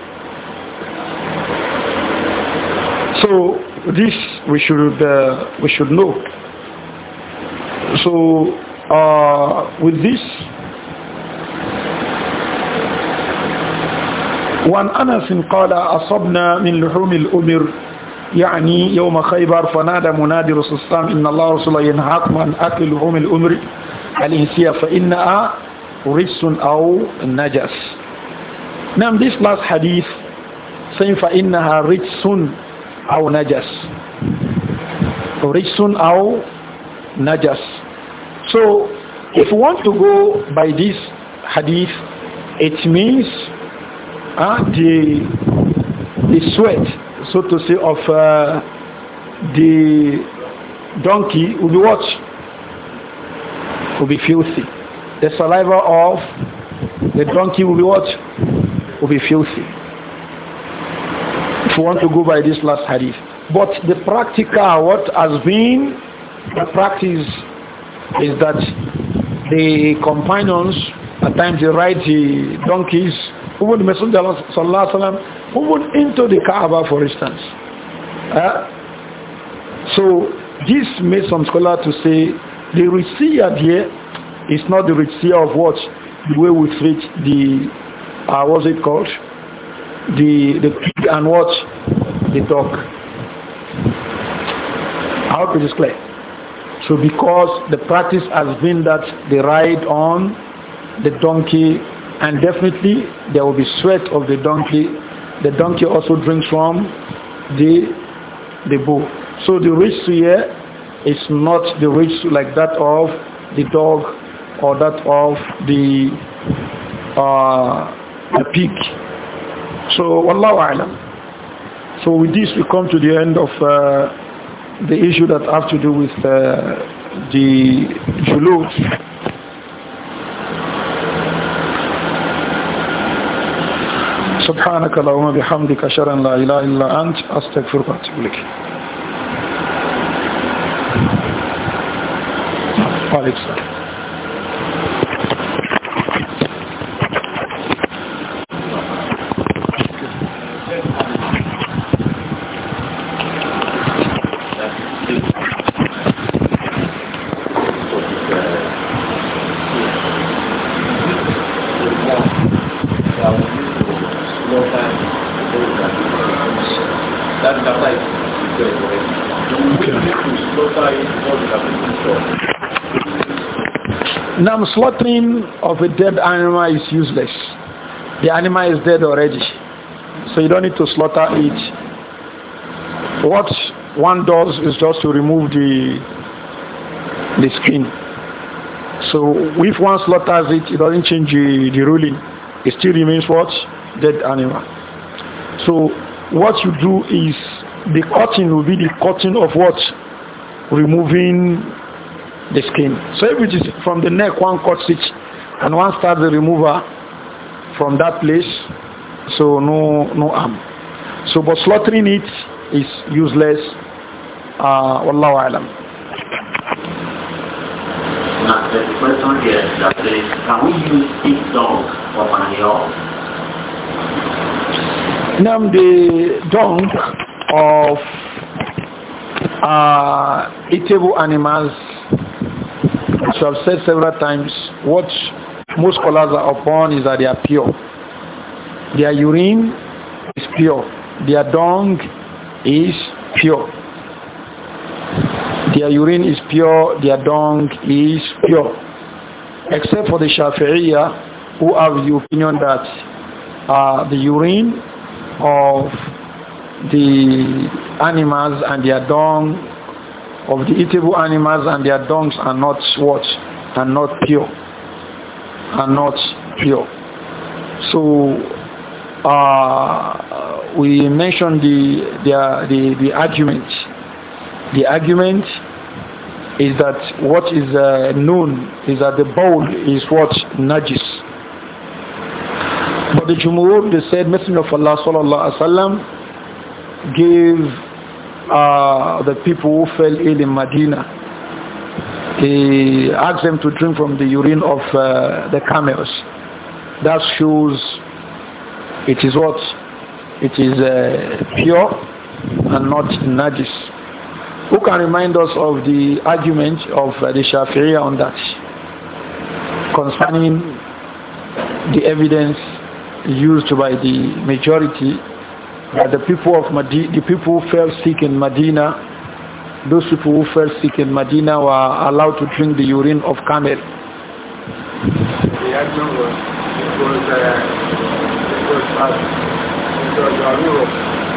So this we should uh, we should know. So uh, with this, وعن أنس قال أصبنا من لحوم الأمر يعني يوم خيبر فنادى منادي رسول الله إن الله رسول ينهاكم عن أكل لحوم الأمر الإنسية فإنها رجس أو نجس. Now this last hadith saying فإنها رجس أو نجس رجس أو najas. so if you want to go by this hadith it means uh, the the sweat so to say of uh, the donkey will be what will be filthy the saliva of the donkey will be what will be filthy we want to go by this last hadith. But the practical, what has been the practice is that the companions, at times they ride the donkeys, even the Messenger of Allah, even into the Kaaba for instance. Uh, so this made some scholars to say the Ritziya here is not the Ritziya of what? The way we treat the, uh, what's it called? The, the and watch the dog. I hope it is clear. So because the practice has been that they ride on the donkey and definitely there will be sweat of the donkey. The donkey also drinks from the the bull. So the rich here is not the rich like that of the dog or that of the uh, the pig. So, wallahu alam. So with this we come to the end of uh, the issue that has to do with uh, the julut. سبحانك اللهم بحمدك أشهد أن لا إله إلا أنت أستغفرك وأتوب إليك. وعليكم killing of a dead animal is useless. The animal is dead already. So you don't need to slaughter it. What one does is just to remove the the skin. So if one slaughters it, it doesn't change the, the ruling. It still remains what? Dead animal. So what you do is the cutting will be the cutting of what? Removing the skin. So if it is from the neck, one cuts it and one starts the remover from that place. So no, no arm. So but slaughtering it is useless. Uh, Wallahu alam. Now, the question here is that can we use pig dung for manure? Now the dung of uh, eatable animals as have said several times, what most scholars are upon is that they are pure. Their urine is pure. Their dung is pure. Their urine is pure. Their dung is pure. Except for the Shafi'iyah who have the opinion that uh, the urine of the animals and their dung of the eatable animals and their dungs are not what? Are not pure. Are not pure. So uh, we mentioned the, the, the, the argument. The argument is that what is uh, known is that the bowl is what najis. But the Jumu'ur, they said, Messenger of Allah sallallahu alaihi wasallam gave uh, the people who fell ill in Medina. He asked them to drink from the urine of uh, the camels. That shows it is what? It is uh, pure and not najis. Who can remind us of the argument of uh, the Shafi'iyah on that? Concerning the evidence used by the majority that the people of Medina, the people who fell sick in Medina, those people who fell sick in Medina were allowed to drink the urine of camel. The action was, uh,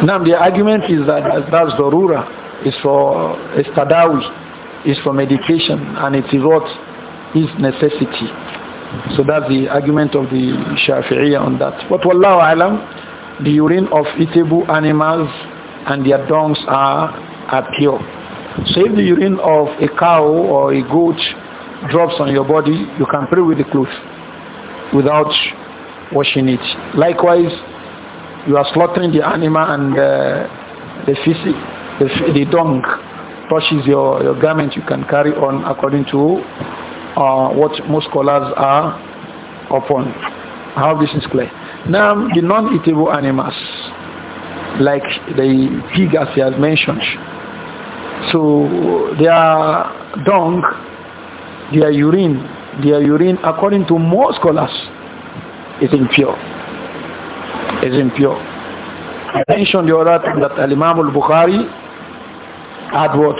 now the argument is that that's Zorura, is for it's Tadawi, is for medication and it is what is necessity. So that's the argument of the Shafi'iyah on that. But Wallahu Alam, the urine of eatable animals and their dungs are, are pure. So if the urine of a cow or a goat drops on your body, you can pray with the cloth without washing it. Likewise, you are slaughtering the animal and uh, the, feces, the, the dung touches your, your garment, you can carry on according to uh, what most scholars are upon. I hope this is clear. Now, the non-eatable animals, like the pig as he has mentioned, so their dung, their urine, their urine, according to most scholars, is impure. Is impure. I mentioned the other that imam al-Bukhari had what?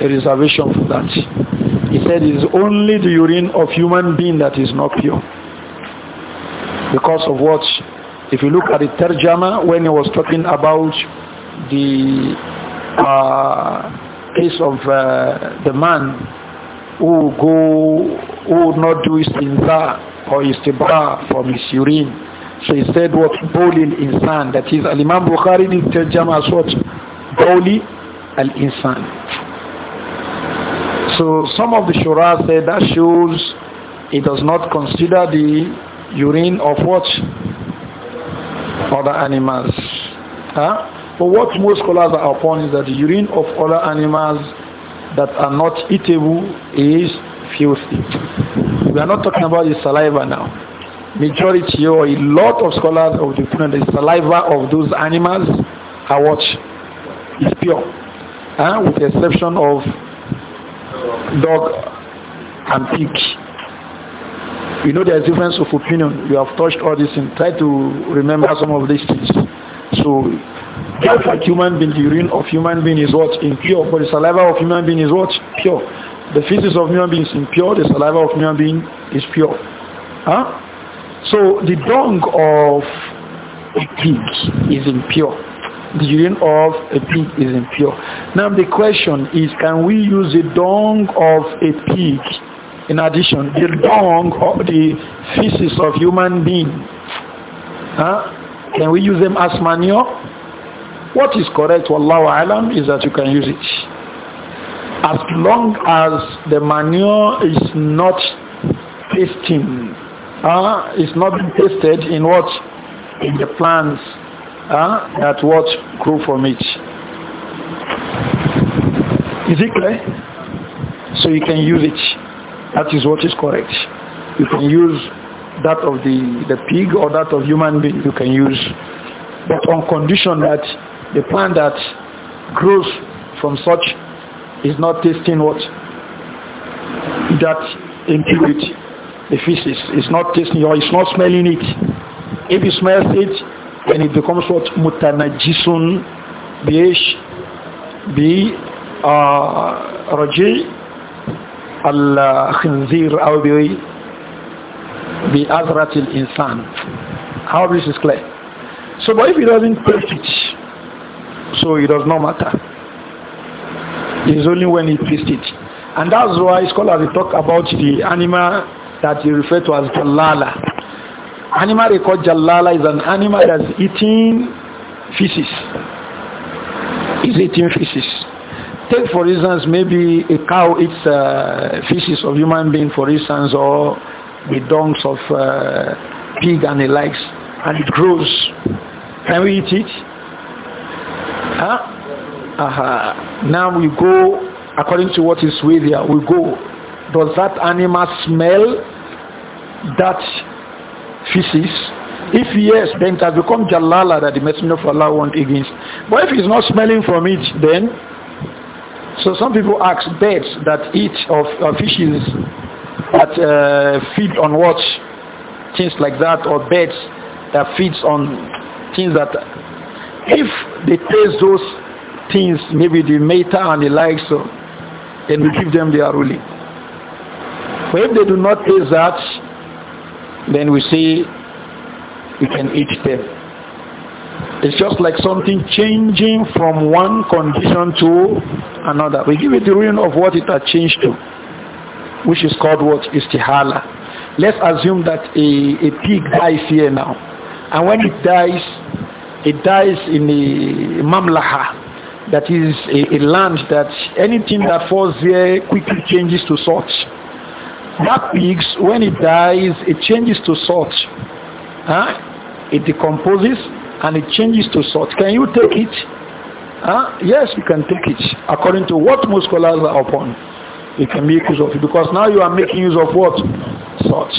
A reservation for that. He said it's only the urine of human being that is not pure. Because of what? If you look at the jama, when he was talking about the uh, case of uh, the man who go who would not do his inza or his tibra from his urine. So he said what in sand. That is Al Imam Bukhari third jama as what bowli al insan. So some of the shura said that shows it does not consider the urine of what? Other animals. Huh? But what most scholars are upon is that the urine of other animals that are not eatable is filthy. We are not talking about the saliva now. Majority or a lot of scholars of the the saliva of those animals are what is pure. Huh? With the exception of dog and pig. You know there's difference of opinion. You have touched all this and try to remember some of these things. So just like human being, the urine of human being is what? Impure. But the saliva of human being is what? Pure. The feces of human being is impure. The saliva of human being is pure. Huh? So the dung of a pig is impure. The urine of a pig is impure. Now the question is, can we use the dung of a pig in addition, the dung or the feces of human being, huh? can we use them as manure? What is correct, Wallahu Alam, is that you can use it. As long as the manure is not tasting, uh, it's not tasted in what? In the plants uh, that what grew from it. Is it clear? So you can use it. That is what is correct. You can use that of the, the pig or that of human being you can use, but on condition that the plant that grows from such is not tasting what? That impurity, the feces. is not tasting or it's not smelling it. If it smells it, then it becomes what? Mutanajisun, bish, bi, uh, الخنزير أو بأذرة insan. how this is clear so but if he doesn't preach it so it does not matter it's only when he tastes it and that's why scholars talk about the animal that you refer to as jalala animal they call jalala is an animal that's eating feces is eating feces Take for instance, maybe a cow eats uh, feces of human being, for instance, or the dongs of uh, pig and the likes, and it grows. Can we eat it? Huh? Uh -huh. Now we go, according to what is with here, we go. Does that animal smell that feces? If yes, then it has become jalala that the messenger of Allah warned against. But if he's not smelling from it, then so some people ask birds that eat or, or fishes that uh, feed on what? Things like that or birds that feeds on things that if they taste those things, maybe the meta and the likes, so, then we give them their ruling. But if they do not taste that, then we say we can eat them. It's just like something changing from one condition to another. We give it the name of what it has changed to, which is called what? Istihala. Let's assume that a, a pig dies here now. And when it dies, it dies in a mamlaha, that is a, a land that anything that falls here quickly changes to salt. That pig, when it dies, it changes to salt. Huh? It decomposes and it changes to salt. Can you take it? Huh? Yes, you can take it. According to what most scholars are upon, you can make use of it. Because now you are making use of what? Salt.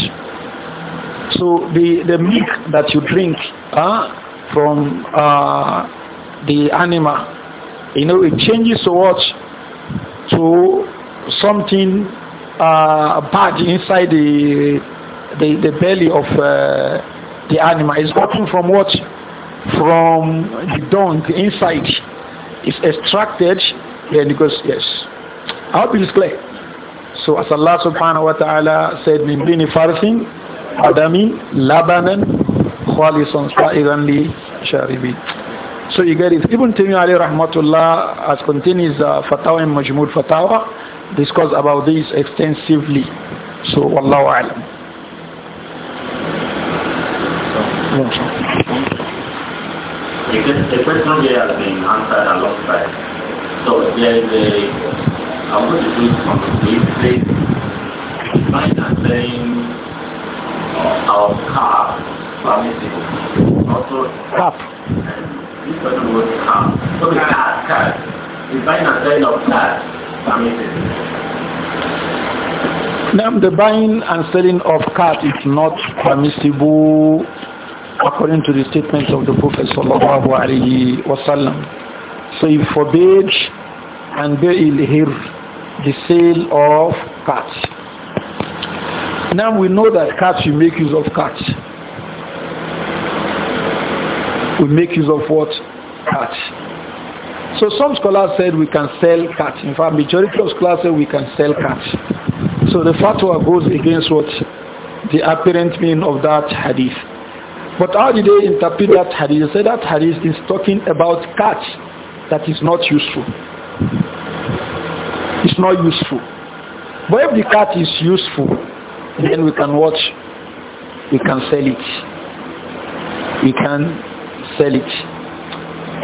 So the, the milk that you drink huh, from uh, the animal, you know, it changes to what? To something uh, bad inside the, the, the belly of uh, the animal. It's gotten from what? from the dung inside is extracted and because yes I hope it is clear so as Allah subhanahu wa ta'ala said min bini farsin adami labanan khalisan sa'idan li sharibi so you get it Ibn Taymiyyah alayhi rahmatullah has continued uh, fatawa and Majmud Fatawa discuss about this extensively so wallahu alam the, the question here has been answered alongside. So there is a, I'm going to do some basic design and saying uh, our car, permissible. Also, cap. This person was car. Uh, so the car, car. Design and selling of cars, permissible. Now the buying and selling of cars is not permissible according to the statement of the Prophet sallallahu alaihi wasallam. So he forbade and bail here the sale of cats. Now we know that cats, we make use of cats. We make use of what? Cats. So some scholars said we can sell cats. In fact, majority of scholars said we can sell cats. So the fatwa goes against what? The apparent meaning of that hadith. But how did they interpret that hadith? They say that hadith is talking about catch that is not useful. It's not useful. But if the cat is useful, then we can watch. We can sell it. We can sell it.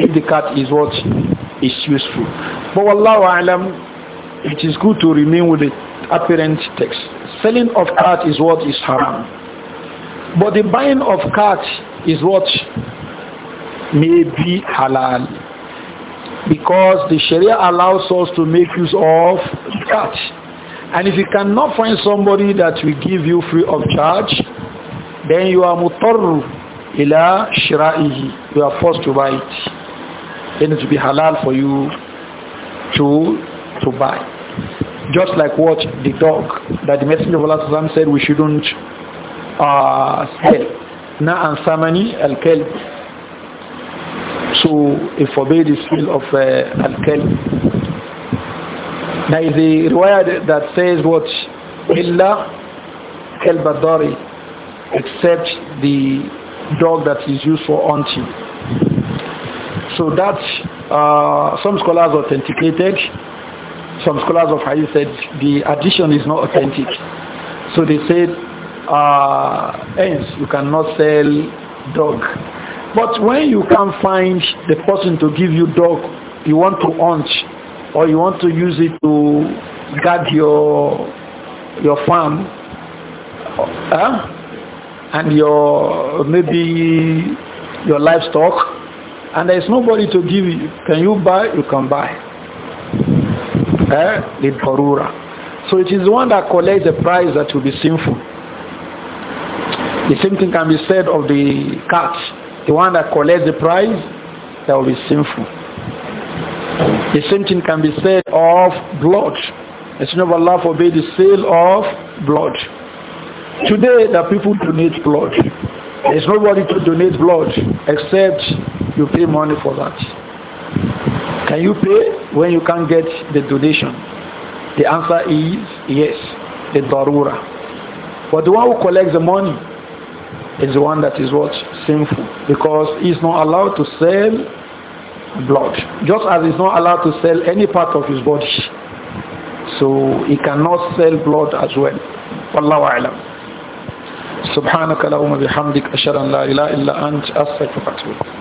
If the cat is what is useful. But Wallahu A'lam, it is good to remain with the apparent text. Selling of cat is what is haram. But the buying of cat is what may be halal. Because the Sharia allows us to make use of cat. And if you cannot find somebody that will give you free of charge, then you are mutarru ila shira'ihi. You are forced to buy it. Then it will be halal for you to, to buy. Just like what the dog that the Messenger of Allah said we shouldn't uh, sell. Na'an samani al-kelb. So it forbade the sale of uh, al-kelb. Now the riwayah that says what? Illa kelb adari. Except the dog that is used for hunting. So that uh, some scholars authenticated some scholars of hadith said the addition is not authentic. So they said uh, ends. You cannot sell dog. But when you can't find the person to give you dog, you want to hunt or you want to use it to guard your your farm huh? and your maybe your livestock and there is nobody to give you can you buy you can buy eh? the so it is the one that collects the price that will be sinful the same thing can be said of the cat. The one that collects the prize, that will be sinful. The same thing can be said of blood. The Son of Allah forbid the sale of blood. Today, the people donate blood. There's nobody to donate blood except you pay money for that. Can you pay when you can't get the donation? The answer is yes, the darura. But the one who collects the money, is the one that is what? Sinful. Because he's not allowed to sell blood. Just as he's not allowed to sell any part of his body. So he cannot sell blood as well. Wallahu a'lam. سبحانك اللهم بحمدك أشهد أن لا إله إلا أنت أستغفرك وأتوب